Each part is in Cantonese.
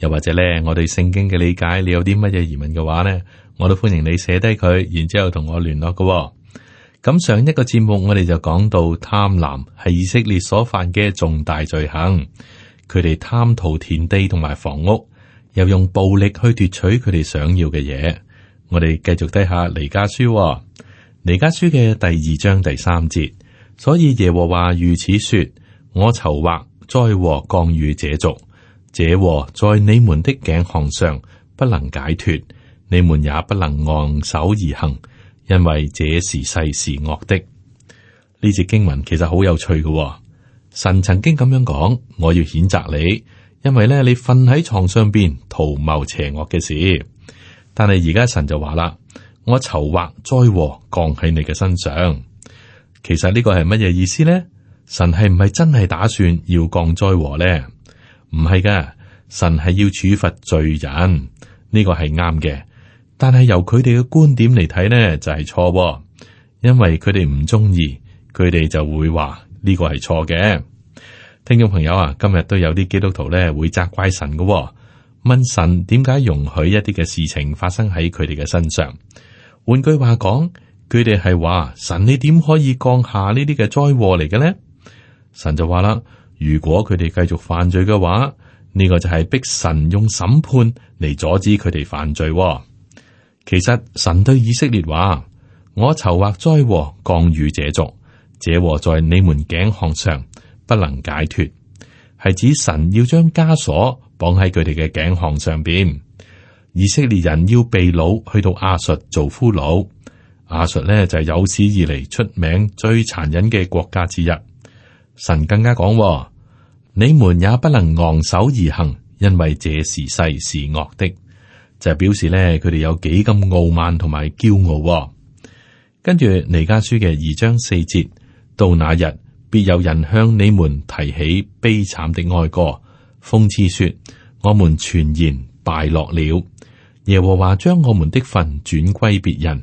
又或者咧，我對聖經嘅理解，你有啲乜嘢疑問嘅話呢，我都歡迎你寫低佢，然之後同我聯絡嘅、哦。咁上一個節目我哋就講到貪婪係以色列所犯嘅重大罪行，佢哋貪圖田地同埋房屋，又用暴力去奪取佢哋想要嘅嘢。我哋繼續睇下彌迦書、哦，彌迦書嘅第二章第三節，所以耶和華如此說：我籌劃災禍降與這族。這禍在你們的頸項上不能解脫，你們也不能昂首而行，因為這是世事惡的。呢節經文其實好有趣嘅、哦，神曾經咁樣講：我要譴責你，因為呢，你瞓喺床上邊圖謀邪惡嘅事。但係而家神就話啦：我籌劃災禍降喺你嘅身上。其實呢個係乜嘢意思呢？神係唔係真係打算要降災禍呢？唔係噶，神係要處罰罪人，呢個係啱嘅。但係由佢哋嘅觀點嚟睇呢，就係錯，因為佢哋唔中意，佢哋就會話呢個係錯嘅。聽眾朋友啊，今日都有啲基督徒咧會責怪神嘅，問神點解容許一啲嘅事情發生喺佢哋嘅身上。換句話講，佢哋係話「神，你點可以降下呢啲嘅災禍嚟嘅呢？」神就話啦。如果佢哋繼續犯罪嘅話，呢、這個就係逼神用審判嚟阻止佢哋犯罪、哦。其實神對以色列話：我籌劃災禍降與這族，這禍在你們頸項上不能解脫，係指神要將枷鎖綁喺佢哋嘅頸項上邊。以色列人要被擄去到亞述做俘虜。亞述呢就係有史以嚟出名最殘忍嘅國家之一。神更加講。你們也不能昂首而行，因為這時勢是惡的，就表示咧佢哋有幾咁傲慢同埋驕傲、哦。跟住彌迦書嘅二章四節，到那日，必有人向你們提起悲慘的哀歌，諷刺說：我們全然敗落了。耶和華將我們的份轉歸別人，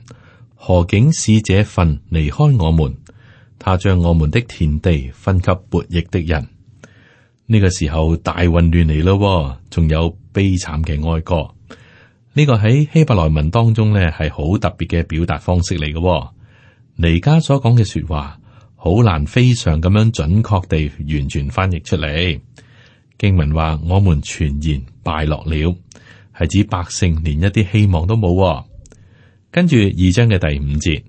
何竟使這份離開我們？他將我們的田地分給撥役的人。呢個時候大混亂嚟咯，仲有悲慘嘅哀歌。呢、這個喺希伯來文當中呢，係好特別嘅表達方式嚟嘅。彌迦所講嘅說話好難，非常咁樣準確地完全翻譯出嚟。經文話：我們全然敗落了，係指百姓連一啲希望都冇。跟住二章嘅第五節，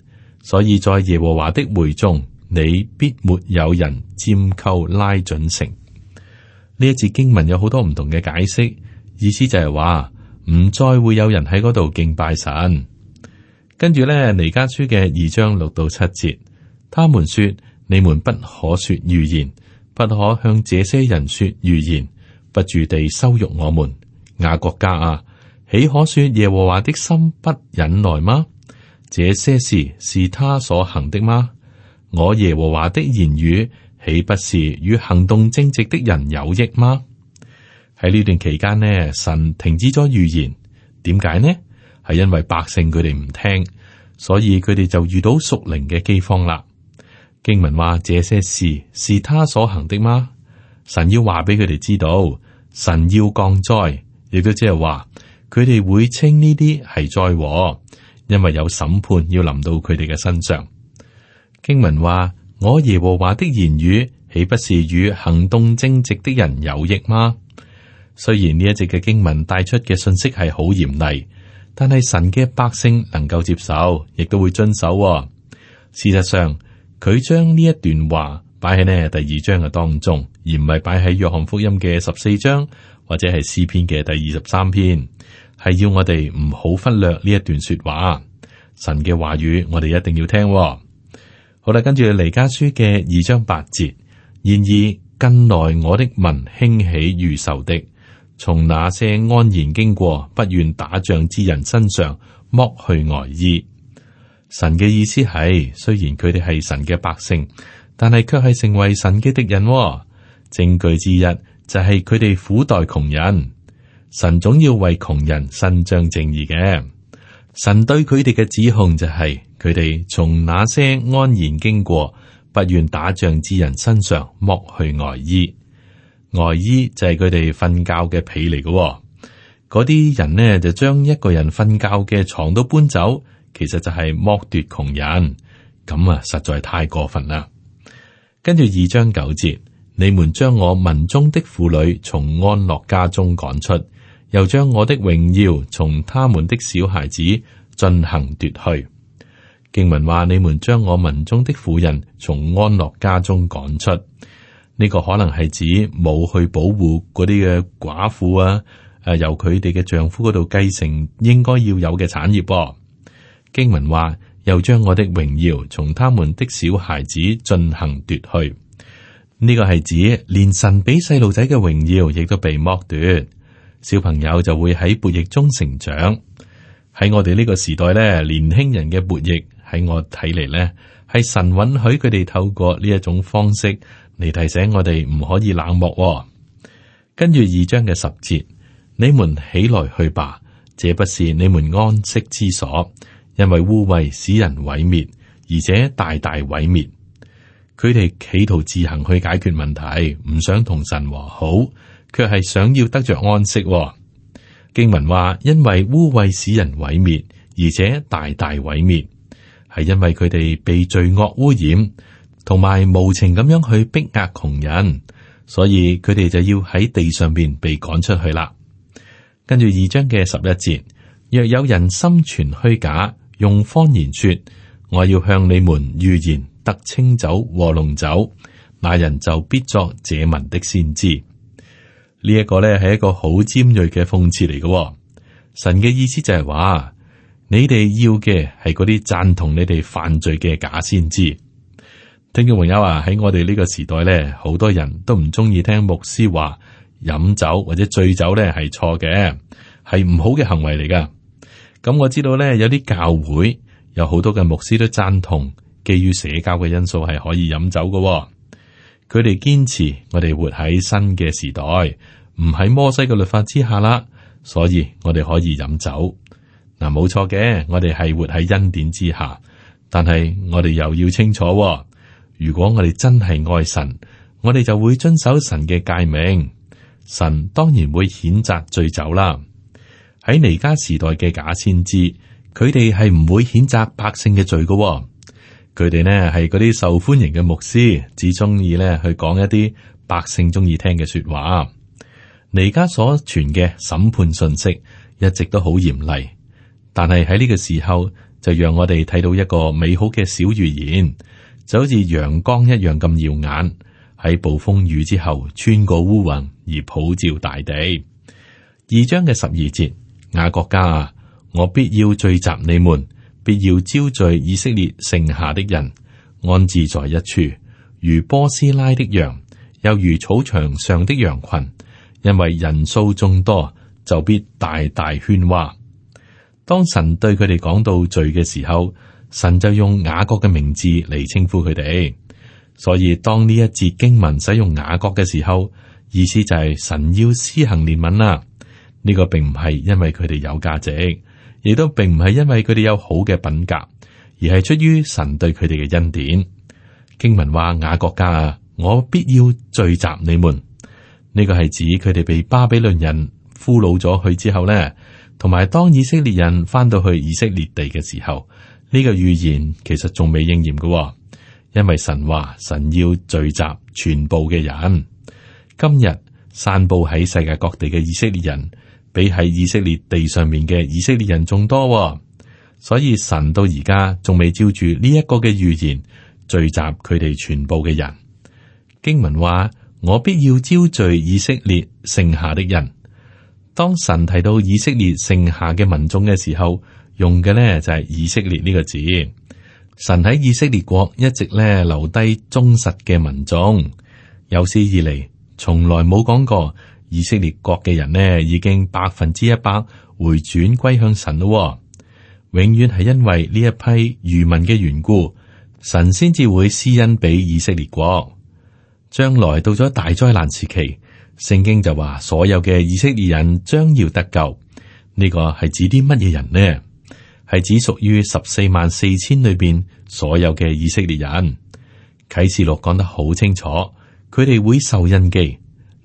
所以在耶和華的會中，你必沒有人拈鬮拉準繩。呢一節經文有好多唔同嘅解釋，意思就係話唔再會有人喺嗰度敬拜神。跟住呢，彌迦書嘅二章六到七節，他們說，你們不可說預言，不可向這些人說預言，不住地羞辱我們。雅各家啊，豈可說耶和華的心不忍耐嗎？這些事是他所行的嗎？我耶和華的言語。豈不是與行動正直的人有益嗎？喺呢段期間呢，神停止咗預言。點解呢？係因為百姓佢哋唔聽，所以佢哋就遇到屬靈嘅饑荒啦。經文話，這些事是他所行的嗎？神要話俾佢哋知道，神要降災，亦都即係話佢哋會稱呢啲係災禍，因為有審判要臨到佢哋嘅身上。經文話。我耶和華的言語，豈不是與行動正直的人有益嗎？雖然呢一隻嘅經文帶出嘅信息係好嚴厲，但係神嘅百姓能夠接受，亦都會遵守喎。事實上，佢將呢一段話擺喺呢第二章嘅當中，而唔係擺喺約翰福音嘅十四章或者係詩篇嘅第二十三篇，係要我哋唔好忽略呢一段說話。神嘅話語，我哋一定要聽喎。我哋跟住《彌迦書》嘅二章八節，然而近來我的民興起如仇敵，從那些安然經過不願打仗之人身上剝去外衣。神嘅意思係，雖然佢哋係神嘅百姓，但係卻係成為神嘅敵人。證據之一就係佢哋苦待窮人，神總要為窮人伸張正義嘅。神對佢哋嘅指控，就係佢哋從那些安然經過，不願打仗之人身上剝去外衣，外衣就係佢哋瞓覺嘅被嚟嘅。嗰啲人呢，就將一個人瞓覺嘅床都搬走，其實就係剝奪窮人。咁啊，實在太過分啦。跟住二章九節，你們將我民中的婦女從安樂家中趕出。又將我的榮耀從他們的小孩子進行奪去。經文話：你們將我民中的婦人從安樂家中趕出，呢個可能係指冇去保護嗰啲嘅寡婦啊。呃、由佢哋嘅丈夫嗰度繼承應該要有嘅產業噃。經文話：又將我的榮耀從他們的小孩子進行奪去，呢個係指連神俾細路仔嘅榮耀亦都被剝奪。小朋友就會喺叛逆中成長。喺我哋呢個時代咧，年輕人嘅叛逆喺我睇嚟咧，係神允許佢哋透過呢一種方式嚟提醒我哋唔可以冷漠哦。跟住二章嘅十節，你們起來去吧，這不是你們安息之所，因為污穢使人毀滅，而且大大毀滅。佢哋企圖自行去解決問題，唔想同神和好。卻係想要得着安息、哦。經文話，因為污穢使人毀滅，而且大大毀滅，係因為佢哋被罪惡污染，同埋無情咁樣去逼壓窮人，所以佢哋就要喺地上邊被趕出去啦。跟住二章嘅十一節，若有人心存虛假，用謊言說，我要向你們預言得清酒和龍酒，那人就必作這民的先知。呢一個咧，係一個好尖銳嘅諷刺嚟嘅，神嘅意思就係話，你哋要嘅係嗰啲贊同你哋犯罪嘅假先知。聽眾朋友啊，喺我哋呢個時代咧，好多人都唔中意聽牧師話飲酒或者醉酒咧係錯嘅，係唔好嘅行為嚟噶。咁我知道咧，有啲教會有好多嘅牧師都贊同，基於社交嘅因素係可以飲酒嘅。佢哋堅持我哋活喺新嘅時代，唔喺摩西嘅律法之下啦，所以我哋可以飲酒。嗱冇錯嘅，我哋係活喺恩典之下，但係我哋又要清楚喎，如果我哋真係愛神，我哋就會遵守神嘅誡命。神當然會譴責醉酒啦。喺彌迦時代嘅假先知，佢哋係唔會譴責百姓嘅罪㗎喎。佢哋呢，係嗰啲受歡迎嘅牧師，只鍾意呢，去講一啲百姓鍾意聽嘅說話。彌迦所傳嘅審判訊息一直都好嚴厲，但係喺呢個時候就讓我哋睇到一個美好嘅小預言，就好似陽光一樣咁耀眼，喺暴風雨之後穿過烏雲而普照大地。二章嘅十二節，雅各家啊，我必要聚集你們。必要招聚以色列剩下的人，安置在一處，如波斯拉的羊，又如草場上的羊群，因為人數眾多，就必大大喧嘩。當神對佢哋講到罪嘅時候，神就用雅各嘅名字嚟稱呼佢哋。所以當呢一節經文使用雅各嘅時候，意思就係神要施行憐憫啦。呢個並唔係因為佢哋有價值。亦都並唔係因為佢哋有好嘅品格，而係出於神對佢哋嘅恩典。經文話雅各家啊，我必要聚集你們。呢個係指佢哋被巴比倫人俘虜咗去之後呢，同埋當以色列人翻到去以色列地嘅時候，呢個預言其實仲未應驗嘅。因為神話神要聚集全部嘅人。今日散布喺世界各地嘅以色列人。比喺以色列地上面嘅以色列人仲多，哦，所以神到而家仲未照住呢一個嘅預言聚集佢哋全部嘅人。經文話：我必要招聚以色列剩下的人。當神提到以色列剩下嘅民眾嘅時候，用嘅呢就係以色列呢個字。神喺以色列國一直呢留低忠實嘅民眾，有史以嚟從來冇講過。以色列國嘅人呢，已經百分之一百回轉歸向神咯，永遠係因為呢一批餘民嘅緣故，神先至會施恩俾以色列國。將來到咗大災難時期，聖經就話所有嘅以色列人將要得救。呢、這個係指啲乜嘢人呢？係指屬於十四萬四千裏邊所有嘅以色列人。啟示錄講得好清楚，佢哋會受印記。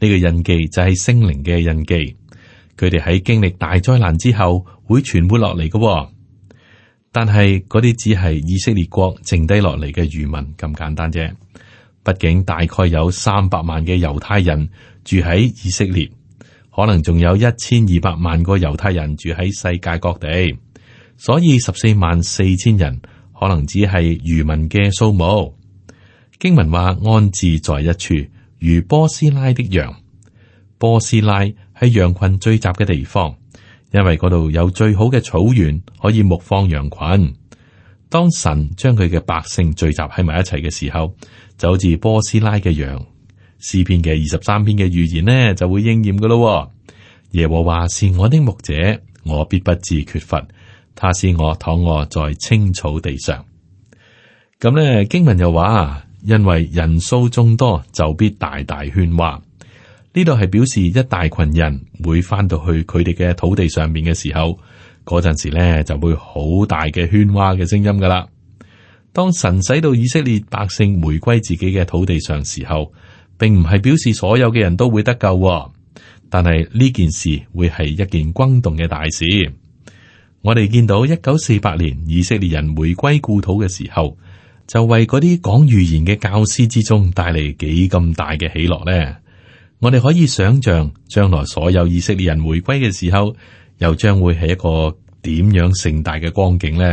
呢個印記就係聖靈嘅印記，佢哋喺經歷大災難之後會存活落嚟嘅。但係嗰啲只係以色列國剩低落嚟嘅餘民咁簡單啫。畢竟大概有三百萬嘅猶太人住喺以色列，可能仲有一千二百萬個猶太人住喺世界各地，所以十四萬四千人可能只係餘民嘅數目。經文話安置在一處。如波斯拉的羊，波斯拉喺羊群聚集嘅地方，因為嗰度有最好嘅草原可以牧放羊群。當神將佢嘅百姓聚集喺埋一齊嘅時候，就好似波斯拉嘅羊。詩篇嘅二十三篇嘅預言呢，就會應驗嘅咯。耶和華是我的牧者，我必不致缺乏。他使我躺臥在青草地上。咁呢經文又話。因為人數眾多，就必大大喧嘩。呢度係表示一大群人會翻到去佢哋嘅土地上面嘅時候，嗰陣時呢就會好大嘅喧嘩嘅聲音噶啦。當神使到以色列百姓回歸自己嘅土地上時候，並唔係表示所有嘅人都會得救，但係呢件事會係一件轟動嘅大事。我哋見到一九四八年以色列人回歸故土嘅時候。就為嗰啲講預言嘅教師之中帶嚟幾咁大嘅喜樂呢。我哋可以想象將來所有以色列人回歸嘅時候，又將會係一個點樣盛大嘅光景呢？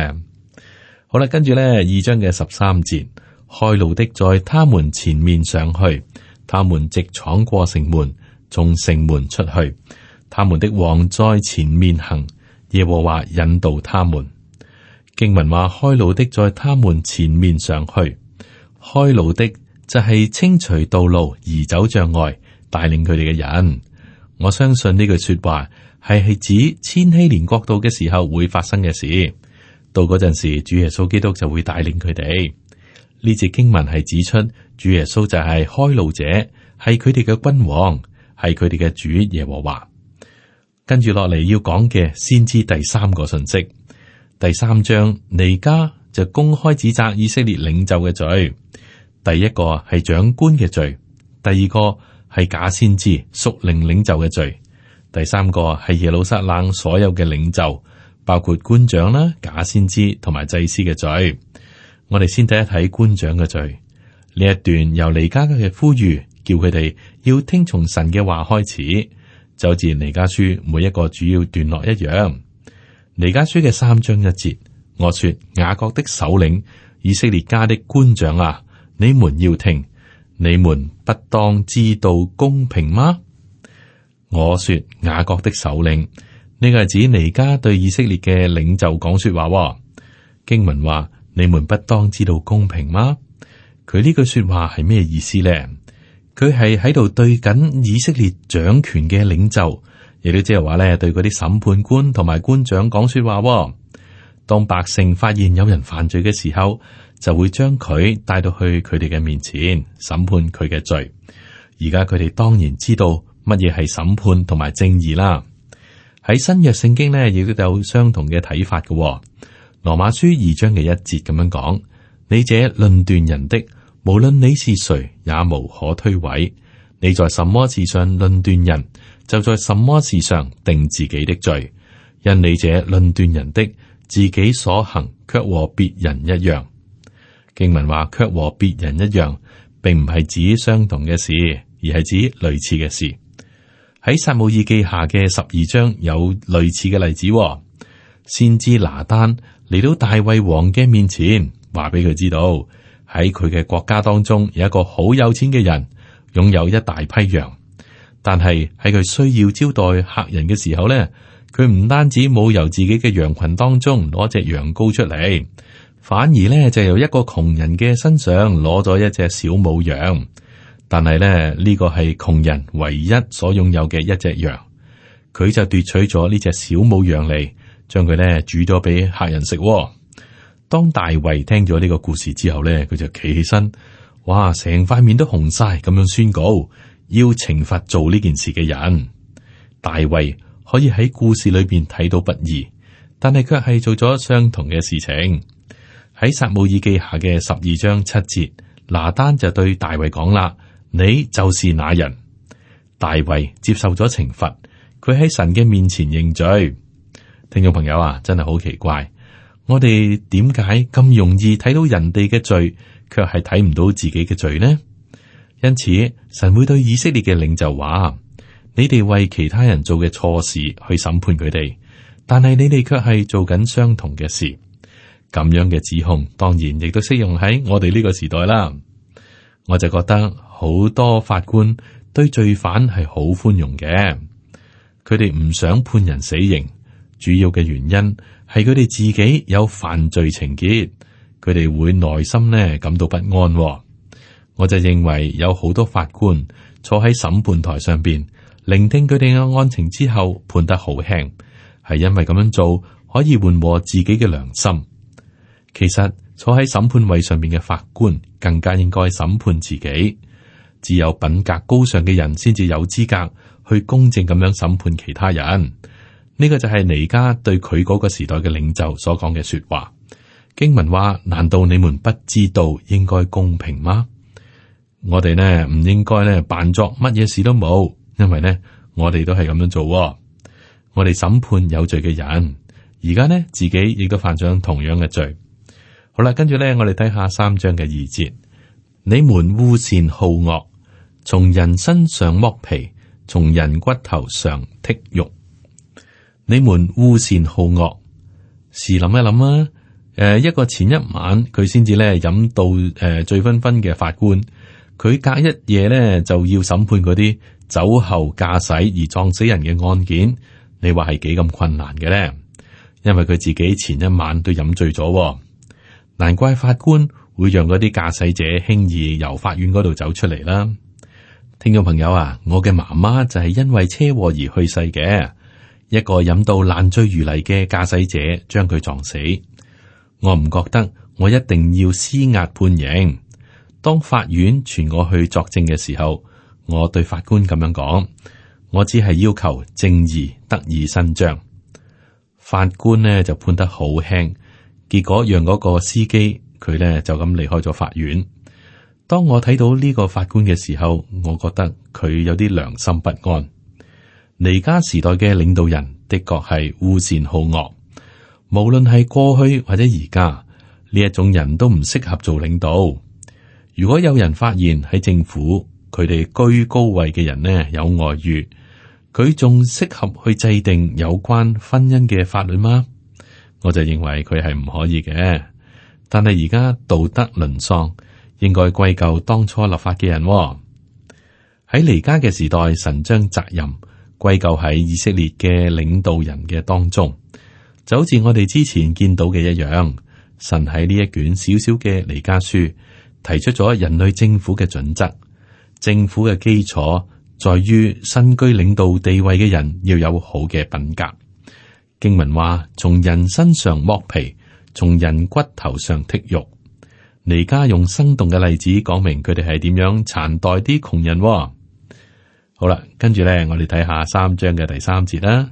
好啦，跟住呢，二章嘅十三節，開路的在他們前面上去，他們直闖過城門，從城門出去，他們的王在前面行，耶和華引導他們。經文話，開路的在他們前面上去。開路的就係清除道路，移走障礙，帶領佢哋嘅人。我相信呢句說話係係指千禧年國度嘅時候會發生嘅事。到嗰陣時，主耶穌基督就會帶領佢哋。呢節經文係指出主耶穌就係開路者，係佢哋嘅君王，係佢哋嘅主耶和華。跟住落嚟要講嘅先知第三個信息。第三章，彌迦就公開指責以色列領袖嘅罪。第一個係長官嘅罪，第二個係假先知、屬靈領袖嘅罪，第三個係耶路撒冷所有嘅領袖，包括官長啦、假先知同埋祭司嘅罪。我哋先睇一睇官長嘅罪呢一段，由彌迦嘅呼籲，叫佢哋要聽從神嘅話開始，就好似彌迦書每一個主要段落一樣。彌迦書嘅三章一節，我說雅各的首領以色列家的官長啊，你們要聽，你們不當知道公平嗎？我說雅各的首領，呢個係指彌迦對以色列嘅領袖講說話。經文話，你們不當知道公平嗎？佢呢句說話係咩意思呢？佢係喺度對緊以色列掌權嘅領袖。亦都即係話咧，對嗰啲審判官同埋官長講說話。當百姓發現有人犯罪嘅時候，就會將佢帶到去佢哋嘅面前審判佢嘅罪。而家佢哋當然知道乜嘢係審判同埋正義啦。喺新約聖經呢，亦都有相同嘅睇法嘅。羅馬書二章嘅一節咁樣講：「你這論斷人的，無論你是誰，也無可推諉。你在什麼事上論斷人，就在什麼事上定自己的罪。因你這論斷人的，自己所行卻和別人一樣。經文話卻和別人一樣，並唔係指相同嘅事，而係指類似嘅事。喺撒母耳記下嘅十二章有類似嘅例子。先知拿單嚟到大衛王嘅面前，話畀佢知道喺佢嘅國家當中有一個好有錢嘅人。擁有一大批羊，但係喺佢需要招待客人嘅時候呢，佢唔單止冇由自己嘅羊群當中攞隻羊羔出嚟，反而呢就由一個窮人嘅身上攞咗一隻小母羊。但係呢，呢個係窮人唯一所擁有嘅一隻羊，佢就奪取咗呢隻小母羊嚟，將佢呢煮咗俾客人食。當大衛聽咗呢個故事之後呢，佢就企起身。哇！成塊面都紅晒咁樣宣告，要懲罰做呢件事嘅人。大衛可以喺故事裏邊睇到不義，但係卻係做咗相同嘅事情。喺撒母耳記下嘅十二章七節，拿單就對大衛講啦：你就是那人。大衛接受咗懲罰，佢喺神嘅面前認罪。聽眾朋友啊，真係好奇怪，我哋點解咁容易睇到人哋嘅罪？卻係睇唔到自己嘅罪呢，因此神會對以色列嘅領袖話，你哋為其他人做嘅錯事去審判佢哋，但係你哋卻係做緊相同嘅事。咁樣嘅指控，當然亦都適用喺我哋呢個時代啦。我就覺得好多法官對罪犯係好寬容嘅，佢哋唔想判人死刑，主要嘅原因係佢哋自己有犯罪情結。佢哋會內心呢感到不安、哦，我就認為有好多法官坐喺審判台上邊聆聽佢哋嘅案情之後判得好輕，係因為咁樣做可以緩和自己嘅良心。其實坐喺審判位上面嘅法官更加應該審判自己，只有品格高尚嘅人先至有資格去公正咁樣審判其他人。呢、呢個就係彌迦對佢嗰個時代嘅領袖所講嘅說話。英文話，難道你們不知道應該公平嗎？我哋呢唔應該呢扮作乜嘢事都冇，因為呢我哋都係咁樣做，哦。我哋審判有罪嘅人，而家呢自己亦都犯咗同樣嘅罪。好啦，跟住呢，我哋睇下三章嘅二節。你們惡善好惡，從人身上剝皮，從人骨頭上剔肉。你們惡善好惡，試諗一諗啊！誒，一個前一晚佢先至咧飲到誒、呃、醉醺醺嘅法官，佢隔一夜咧就要審判嗰啲酒後駕駛而撞死人嘅案件。你話係幾咁困難嘅咧？因為佢自己前一晚都飲醉咗，難怪法官會讓嗰啲駕駛者輕易由法院嗰度走出嚟啦。聽眾朋友啊，我嘅媽媽就係因為車禍而去世嘅，一個飲到爛醉如泥嘅駕駛者將佢撞死。我唔覺得我一定要施壓判刑。當法院傳我去作證嘅時候，我對法官咁樣講：我只係要求正義得以伸張。法官呢就判得好輕，結果讓嗰個司機佢呢就咁離開咗法院。當我睇到呢個法官嘅時候，我覺得佢有啲良心不安。彌迦時代嘅領導人的確係惡善好惡。無論係過去或者而家呢，一種人都唔適合做領導。如果有人發現喺政府，佢哋居高位嘅人呢，有外遇，佢仲適合去制定有關婚姻嘅法律嗎？我就認為佢係唔可以嘅。但係而家道德淪喪，應該歸咎當初立法嘅人喎、哦。喺彌迦嘅時代，神將責任歸咎喺以色列嘅領導人嘅當中。就好似我哋之前見到嘅一樣，神喺呢一卷小小嘅彌迦書提出咗人類政府嘅準則。政府嘅基礎在於身居領導地位嘅人要有好嘅品格。經文話：從人身上剝皮，從人骨頭上剔肉。彌迦用生動嘅例子講明佢哋係點樣殘待啲窮人、哦。好啦，跟住咧，我哋睇下三章嘅第三節啦。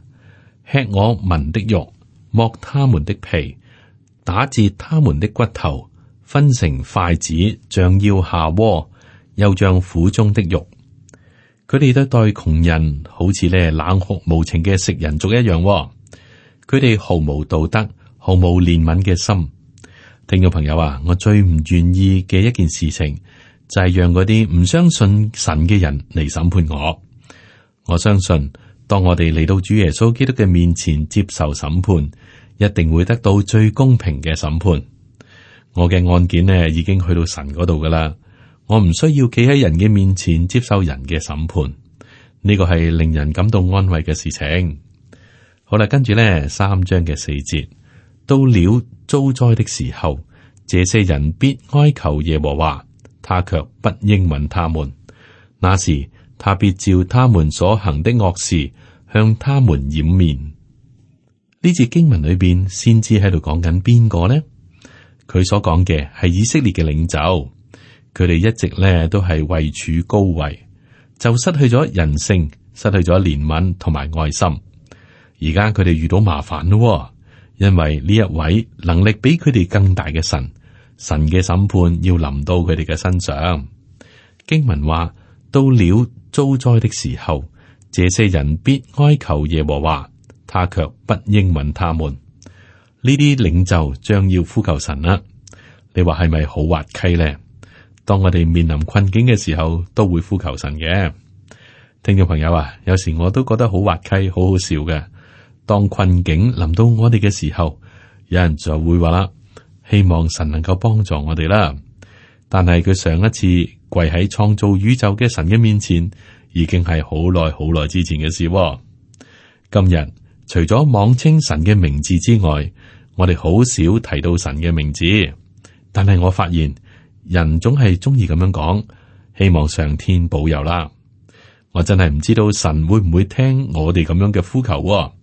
吃我民的肉。剝他們的皮，打折他們的骨頭，分成筷子，像要下鍋，又像苦中的肉。佢哋對待窮人，好似咧冷酷無情嘅食人族一樣哦。佢哋毫無道德，毫無憐憫嘅心。聽眾朋友啊，我最唔願意嘅一件事情，就係、是、讓嗰啲唔相信神嘅人嚟審判我。我相信。當我哋嚟到主耶穌基督嘅面前接受審判，一定會得到最公平嘅審判。我嘅案件呢，已經去到神嗰度噶啦，我唔需要企喺人嘅面前接受人嘅審判。呢個係令人感到安慰嘅事情。好啦，跟住呢三章嘅四節，到了遭災的時候，這些人必哀求耶和華，他卻不應允他們。那時。他必照他們所行的惡事，向他們掩面。呢節經文裏邊先知喺度講緊邊個呢？佢所講嘅係以色列嘅領袖，佢哋一直呢都係位處高位，就失去咗人性，失去咗憐憫同埋愛心。而家佢哋遇到麻煩咯，因為呢一位能力比佢哋更大嘅神，神嘅審判要臨到佢哋嘅身上。經文話到了。遭災的時候，這些人必哀求耶和華，他卻不應允他們。呢啲領袖將要呼求神啦，你話係咪好滑稽呢？當我哋面臨困境嘅時候，都會呼求神嘅。聽眾朋友啊，有時我都覺得好滑稽，好好笑嘅。當困境臨到我哋嘅時候，有人就會話啦，希望神能夠幫助我哋啦。但係佢上一次。跪喺創造宇宙嘅神嘅面前，已經係好耐好耐之前嘅事。今日除咗妄稱神嘅名字之外，我哋好少提到神嘅名字。但係我發現人總係中意咁樣講，希望上天保佑啦。我真係唔知道神會唔會聽我哋咁樣嘅呼求。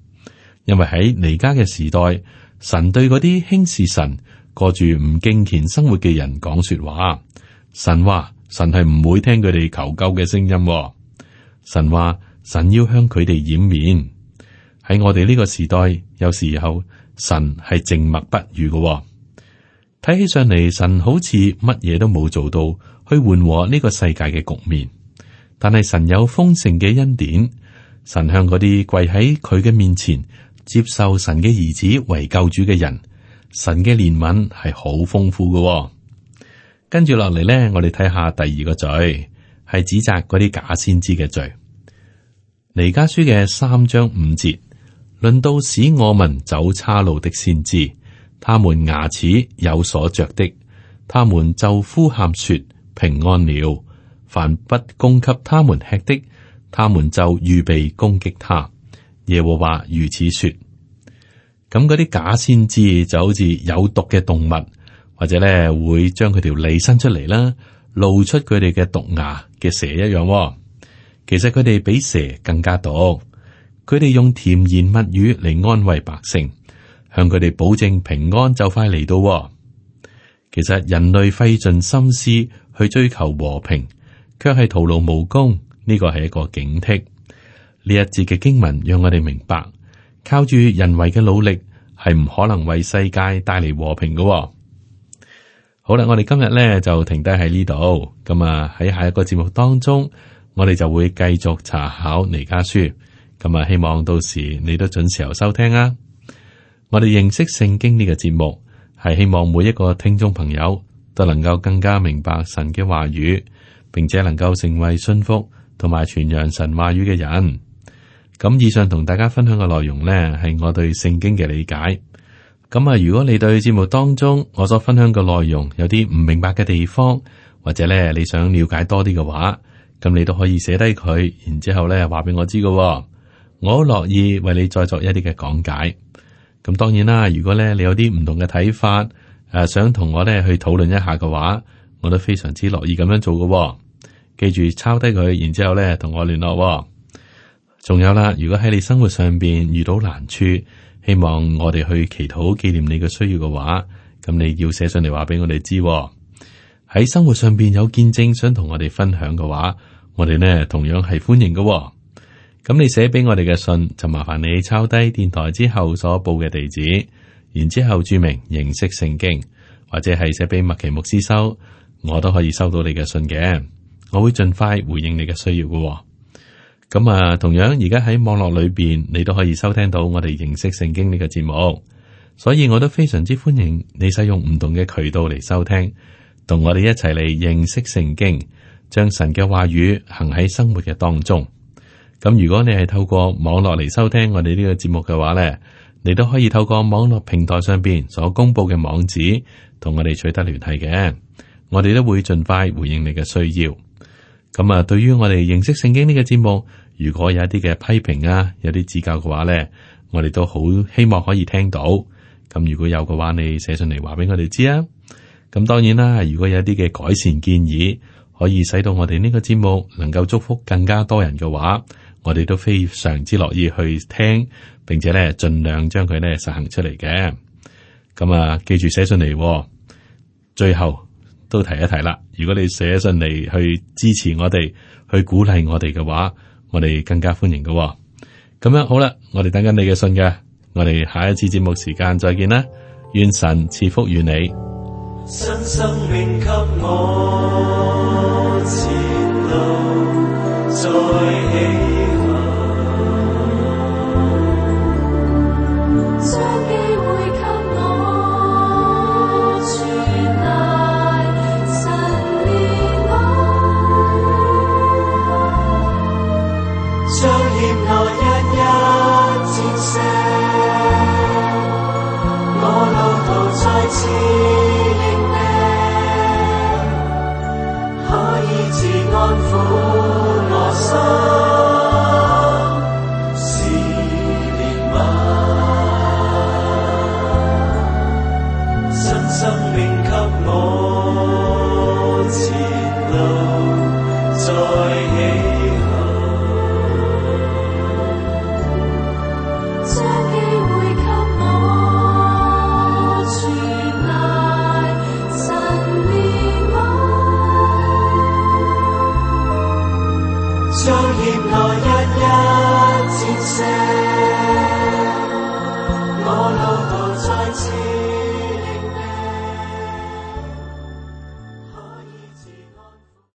因為喺彌迦嘅時代，神對嗰啲輕視神過住唔敬虔生活嘅人講說話，神話。神係唔會聽佢哋求救嘅聲音喎，神話，神要向佢哋掩面。喺我哋呢個時代，有時候神係靜默不語嘅喎。睇起上嚟，神好似乜嘢都冇做到去緩和呢個世界嘅局面。但係神有豐盛嘅恩典，神向嗰啲跪喺佢嘅面前接受神嘅兒子為救主嘅人，神嘅憐憫係好豐富嘅喎。跟住落嚟咧，我哋睇下第二個罪，係指責嗰啲假先知嘅罪。彌迦書嘅三章五節，論到使我民走差路的先知，他們牙齒有所着的，他們就呼喊說平安了。凡不供給他們吃的，他們就預備攻擊他。耶和華如此說：咁嗰啲假先知就好似有毒嘅動物。或者咧會將佢條脷伸出嚟啦，露出佢哋嘅毒牙嘅蛇一樣喎。其實佢哋比蛇更加毒。佢哋用甜言蜜語嚟安慰百姓，向佢哋保證平安就快嚟到喎。其實人類費盡心思去追求和平，卻係徒勞無功。呢個係一個警惕。呢一節嘅經文，讓我哋明白靠住人為嘅努力係唔可能為世界帶嚟和平噶喎。好啦，我哋今日咧就停低喺呢度，咁啊喺下一個節目當中，我哋就會繼續查考彌迦書，咁、嗯、啊希望到時你都準時收聽啊！我哋認識聖經呢、這個節目，係希望每一個聽眾朋友都能夠更加明白神嘅話語，並且能夠成為信服同埋傳揚神話語嘅人。咁、嗯、以上同大家分享嘅內容呢，係我對聖經嘅理解。咁啊，如果你對節目當中我所分享嘅內容有啲唔明白嘅地方，或者咧你想了解多啲嘅話，咁你都可以寫低佢，然之後咧話俾我知嘅，我好樂意為你再作一啲嘅講解。咁當然啦，如果咧你有啲唔同嘅睇法，誒，想同我咧去討論一下嘅話，我都非常之樂意咁樣做嘅。記住抄低佢，然之後咧同我聯絡。仲有啦，如果喺你生活上邊遇到難處。希望我哋去祈禱紀念你嘅需要嘅話，咁你要寫信嚟話俾我哋知，哦。喺生活上邊有見證想同我哋分享嘅話，我哋呢同樣係歡迎嘅，哦。咁你寫俾我哋嘅信，就麻煩你抄低電台之後所報嘅地址，然之後註明認識聖經或者係寫俾麥奇牧師收，我都可以收到你嘅信嘅。我會盡快回應你嘅需要嘅，哦。咁啊，同樣而家喺網絡裏邊，你都可以收聽到我哋認識聖經呢個節目，所以我都非常之歡迎你使用唔同嘅渠道嚟收聽，同我哋一齊嚟認識聖經，將神嘅話語行喺生活嘅當中。咁如果你係透過網絡嚟收聽我哋呢個節目嘅話呢，你都可以透過網絡平台上邊所公布嘅網址，同我哋取得聯繫嘅，我哋都會盡快回應你嘅需要。咁啊，對於我哋認識聖經呢個節目，如果有一啲嘅批評啊，有啲指教嘅話呢，我哋都好希望可以聽到。咁如果有嘅話，你寫信嚟話俾我哋知啊。咁當然啦，如果有啲嘅改善建議，可以使到我哋呢個節目能夠祝福更加多人嘅話，我哋都非常之樂意去聽，並且呢盡量將佢呢實行出嚟嘅。咁啊，記住寫信嚟。最後。都提一提啦，如果你寫信嚟去支持我哋，去鼓勵我哋嘅話，我哋更加歡迎㗎喎。咁樣好啦，我哋等緊你嘅信嘅，我哋下一次節目時間再見啦，願神賜福與你。生生命給我